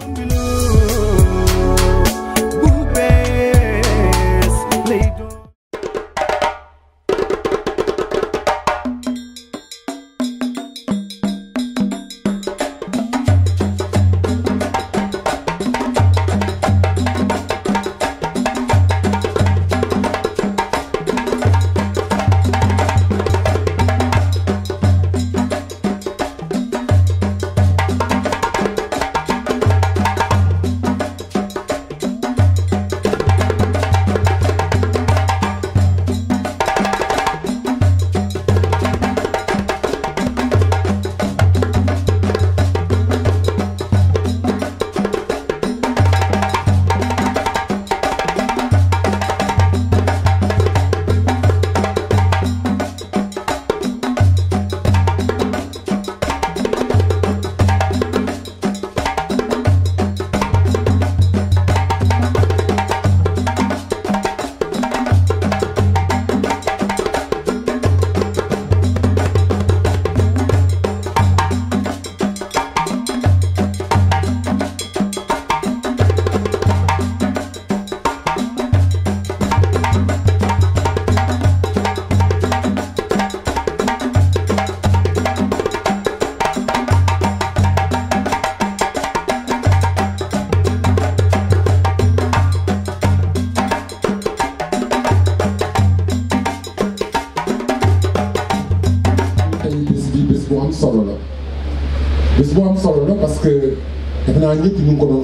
Unbelievable.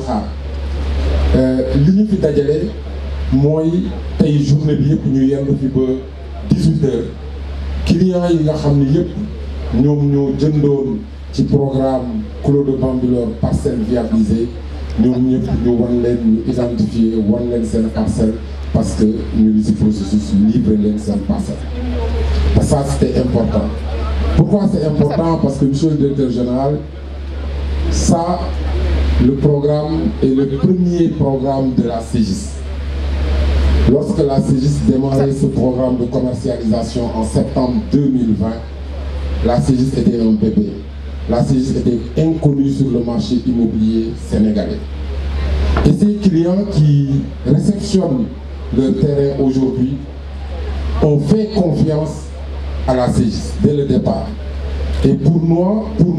xaar moi, je fi dajale mooy tey journée bi avons ñu yendu fi ba 18 heures clients yi nga xam programme Clos de Bambilor parcelle viabilisée Nous avons identifié wan leen identifier wan parcelle parce que nous ngi processus libre leen parcelle ça c'était important pourquoi c'est important parce que monsieur le directeur général ça le programme est le premier programme de la Cégis. Lorsque la Cégis démarrait ce programme de commercialisation en septembre 2020, la Cégis était un bébé. La Cégis était inconnue sur le marché immobilier sénégalais. Et ces clients qui réceptionnent le terrain aujourd'hui ont fait confiance à la Cégis dès le départ. Et pour moi, pour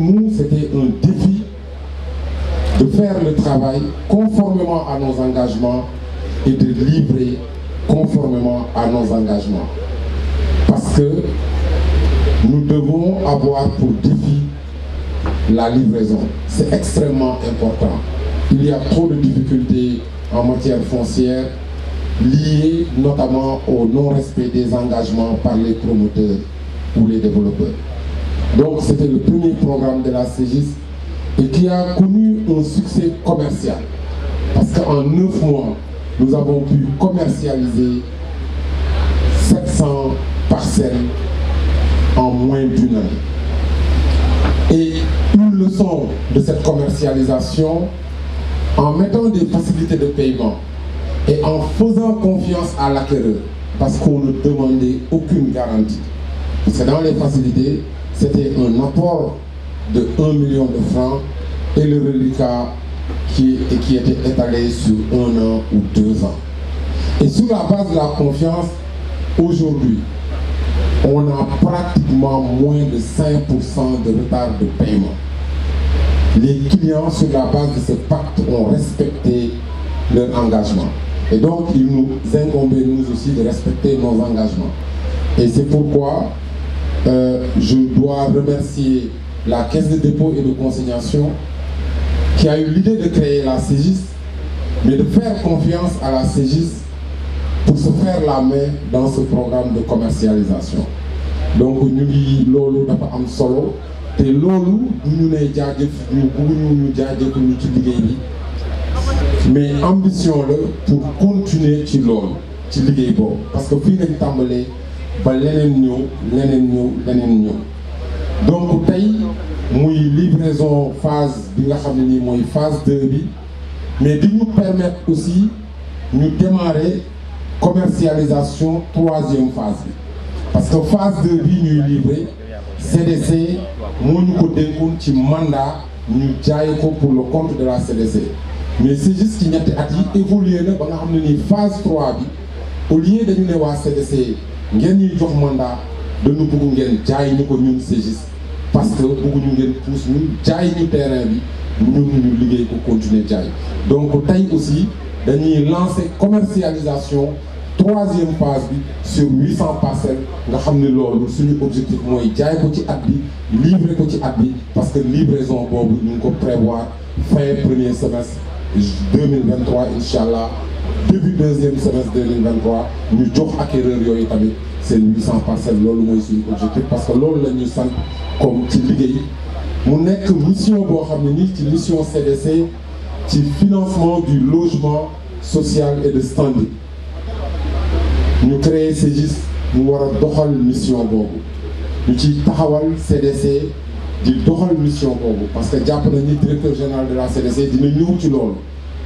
de faire le travail conformément à nos engagements et de livrer conformément à nos engagements. Parce que nous devons avoir pour défi la livraison. C'est extrêmement important. Il y a trop de difficultés en matière foncière liées notamment au non-respect des engagements par les promoteurs ou les développeurs. Donc c'était le premier programme de la CGIS et qui a connu un succès commercial. Parce qu'en neuf mois, nous avons pu commercialiser 700 parcelles en moins d'une année. Et une leçon de cette commercialisation, en mettant des facilités de paiement et en faisant confiance à l'acquéreur, parce qu'on ne demandait aucune garantie. C'est dans les facilités, c'était un apport de 1 million de francs et le reliquat qui, qui était étalé sur un an ou deux ans. Et sur la base de la confiance, aujourd'hui, on a pratiquement moins de 5% de retard de paiement. Les clients, sur la base de ce pacte, ont respecté leur engagement. Et donc, il nous incombe, nous aussi, de respecter nos engagements. Et c'est pourquoi euh, je dois remercier la Caisse de dépôt et de consignation, qui a eu l'idée de créer la CEGIS, mais de faire confiance à la CEGIS pour se faire la main dans ce programme de commercialisation. donc nous dafa solo nous nous nous mais ambition pour continuer ci nous parce que nous nous ba nous donc tey pays, livraison phase bi phase 2 mais nous nous permettre aussi de démarrer commercialisation troisième phase parce que la phase 2 nous livrée, livré, CDC nous avons ko un mandat pour le compte de la CDC mais c'est juste qu'il y a évolué na ba phase 3 au lieu de à waa CDC nous avons un mandat dañu nous ngeen le ñu ko parce que nous avons tous nous jaay nous terrain bi continuer ñu liggéey ko continuer jaay donc aussi dañuy lancer commercialisation troisième phase sur 800 parcelles nous avons ne l'ordre suñu objectif mooy jaay ko ci livrer ko ci parce que livraison nous ñu prévoir fin premier semestre 2023 Inch'Allah. Depuis le deuxième semestre 2023 nous jox acquéreur yooyu tamit c'est 800 parcelles loolu mooy objectif parce que ce la nous sant comme ci mission boo mission CDC le financement du logement social et de standing créons Nous CGIS mu war a doxal mission Nous Nous ci taxawal CDC di doxal mission parce que avons le directeur général de la CDC nous, nous ci fait.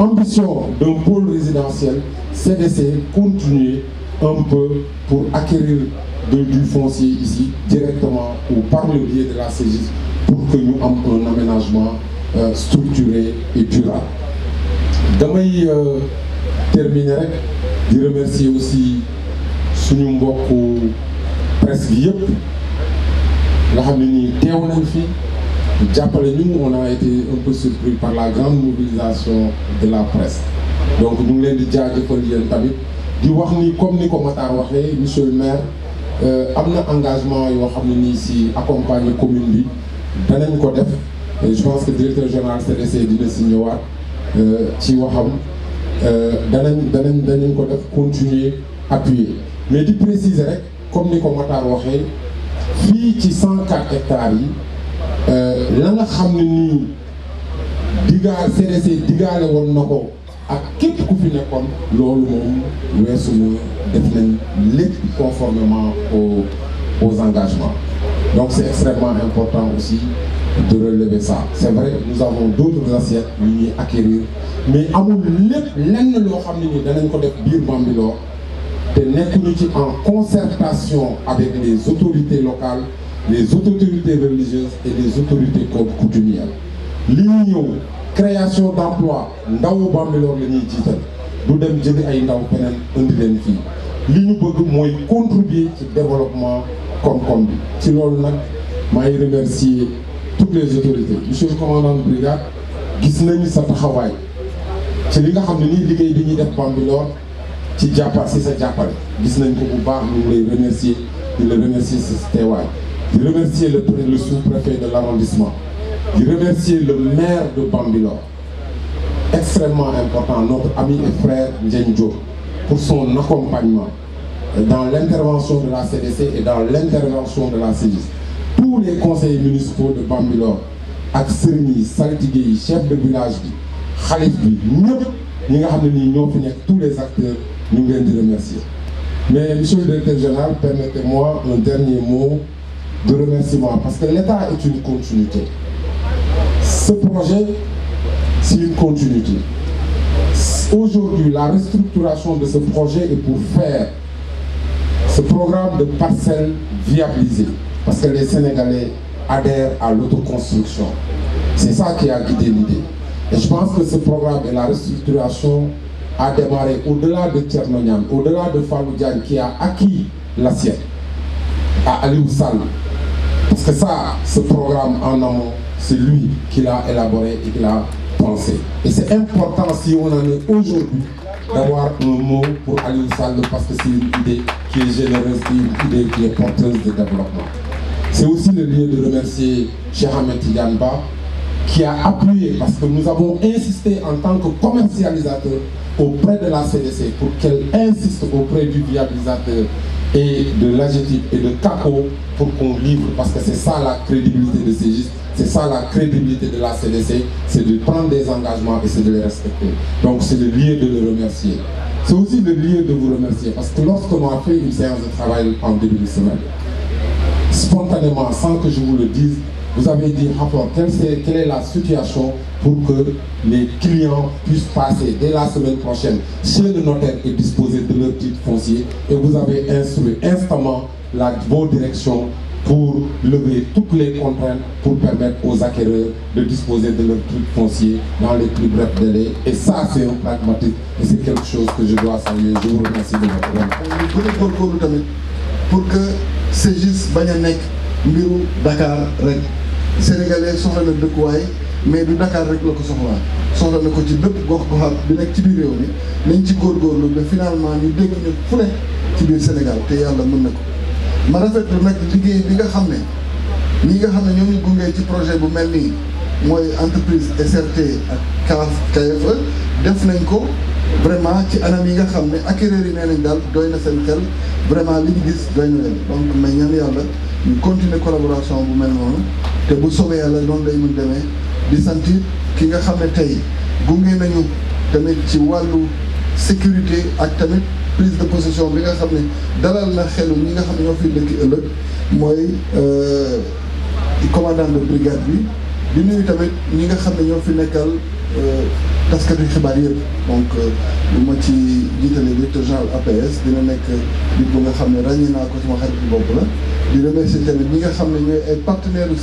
ambition d'un pôle résidentiel, c'est d'essayer continuer un peu pour acquérir du foncier ici directement ou par le biais de la CGIS pour que nous ayons un aménagement euh, structuré et durable. Je euh, terminer remercier aussi suñu pour presse la la nga jàppale ñun on a été un peu surpris par la grande mobilisation de la presse donc nous ngi leen di nous avons dit di wax comme ni ko Matar monsieur le maire euh, am un engagement et nous ne nii si accompagner commune bi je pense que le directeur général CDC dina le ñëwaat euh, ci waxam dit que nous ko continué à appuyer mais je préciser comme nous ko dit 104 hectares euh, la nga xam ne nii digaa CDC digaale woon na ko ak képp ku fi nekkoon loolu moom weesu na def nañ lépp conformément aux aux engagements donc c'est extrêmement important aussi de relever ça c'est vrai nous avons d'autres assiettes à acquérir mais amul lépp lenn loo xam ne ni danañ ko def biir Bambilor te nekkuñu ci en concertation avec les autorités locales les autorités religieuses et les autorités comme coutumières li ñu création d'emploi ndawu Bambilor la ñuy jiital du dem jëli ay ndaw feneen indi leen fii li ñu bëgg mooy contribuer ci développement koom-koom bi ci loolu nag maay remercier toutes les autorités monsieur le commandant de brigade gis nañu sa taxawaay ci li nga xam ne nii liggéey bi ñuy def Bambilor ci jàppal si sa jàppale gis nañ ko bu baax ñu lay remercier di la remercier si sa je remercie le, sous-préfet de l'arrondissement, je remercie le maire de Bambilor, extrêmement important, notre ami et frère Ndjenjo, pour son accompagnement dans l'intervention de la CDC et dans l'intervention de la CIS. Tous les conseillers municipaux de Bambilor, Aksirmi, Saltigui, chef de village, Khalif, tous les acteurs, nous voulons de remercier. Mais, monsieur le directeur général, permettez-moi un dernier mot de remerciement parce que l'État est une continuité. Ce projet, c'est une continuité. Aujourd'hui, la restructuration de ce projet est pour faire ce programme de parcelles viabilisées parce que les Sénégalais adhèrent à l'autoconstruction. C'est ça qui a guidé l'idée. Et je pense que ce programme et la restructuration a démarré au-delà de Tchernonian, au-delà de Faloudian qui a acquis l'assiette à Aliou Salou parce que ça, ce programme en amont, c'est lui qui l'a élaboré et qui l'a pensé. Et c'est important si on en est aujourd'hui d'avoir un mot pour Aliou salle parce que c'est une idée qui est généreuse, une idée qui est porteuse de développement. C'est aussi le lieu de remercier Cheikh Ahmed qui a appuyé parce que nous avons insisté en tant que commercialisateur auprès de la CDC pour qu'elle insiste auprès du viabilisateur et de l'adjectif et de CACO pour qu'on livre, parce que c'est ça la crédibilité de ces c'est ça la crédibilité de la CDC, c'est de prendre des engagements et c'est de les respecter. Donc c'est le lieu de le remercier. C'est aussi le lieu de vous remercier, parce que lorsqu'on a fait une séance de travail en début de semaine, spontanément, sans que je vous le dise, vous avez dit, rapport, quelle est la situation pour que les clients puissent passer dès la semaine prochaine chez le notaire et disposer de leur titre foncier. Et vous avez instruit instantanément la vos directions pour lever toutes les contraintes pour permettre aux acquéreurs de disposer de leur titre foncier dans les plus brefs délais. Et ça, c'est un pragmatisme et c'est quelque chose que je dois saluer. Je vous remercie de votre Pour que c'est juste Bagnanek, Dakar, Sénégalais sont le Kouaï, mais du Dakar rek la ko soxlaa soxla na ko ci bépp gox goxaat bi nekk ci biir réew mi nañ ci góor góor góorgóorlu ba finalement ñu dégg ñu fu ne ci biir Sénégal te yàlla mën na ko ma rafetlu nag liggéey bi nga xam ne ñi nga xam ne ñoo ñu gungee ci projet bu mel nii mooy entreprise SRT ak CAF e. def nañ ko vraiment ci anam yi nga xam ne ak acquéreurs yi nee nañ daal doy na seen xel vraiment li ñu gis doy na leen donc mais ñaan yàlla ñu continuer collaboration bu mel noonu te bu soobee yàlla noonu day mun demee di sant ki nga xamé tay tey gunge nañu tamit ci walu sécurité ak tamit prise de possession bi nga xamné dalal na xelu ñi nga xamné ñoo fi dëkk ëllëg mooy euh, commandant de brigade bi di nuyu tamit ñi nga xamné ñoo fi nekkal euh, taskatu xibaar yëpp donc euh, lu ma ci jiitale directeur général APS dina nekk nit bu nga xam ne ràññee naa ko sama xarit boobu la di remercier tamit ñi nga xam ne ñooy ay partenaires u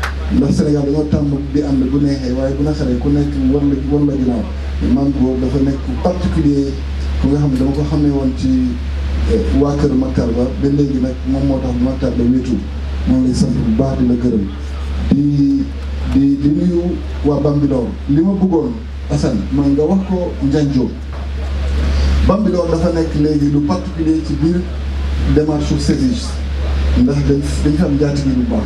ndax Sénégal dañoo tàmm di ànd bu neexee waaye bu naqaree ku nekk war la war la ginnaaw maam góor dafa nekk particulier ku nga xam ne dama ko xamee woon ci eh, waa kër Maktar Ba ba léegi nag moom moo tax Maktar Ba wéetu maa ngi lay bu baax di la gërëm di di di li ma bëggoon Assane man nga wax ko Ndianjo Bambilor dafa nekk léegi lu particulier ci biir démarche su CEDIS ndax dañ dañ fa am jaatigi bu baax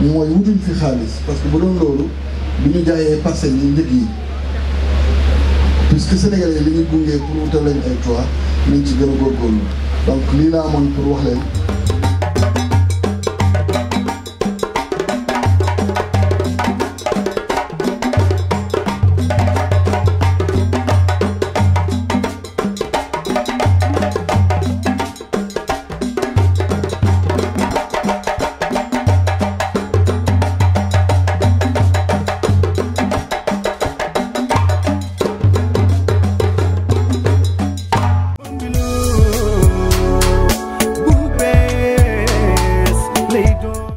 mooy wutuñ fi xaalis parce que bu doon loolu bu ñu jaayee parcelles isso njëg yi puisque sénégalais li ñu gungee pour wutal leen ay toit nañ ci gën a góorgóorlu donc lii laa amoon pour wax leen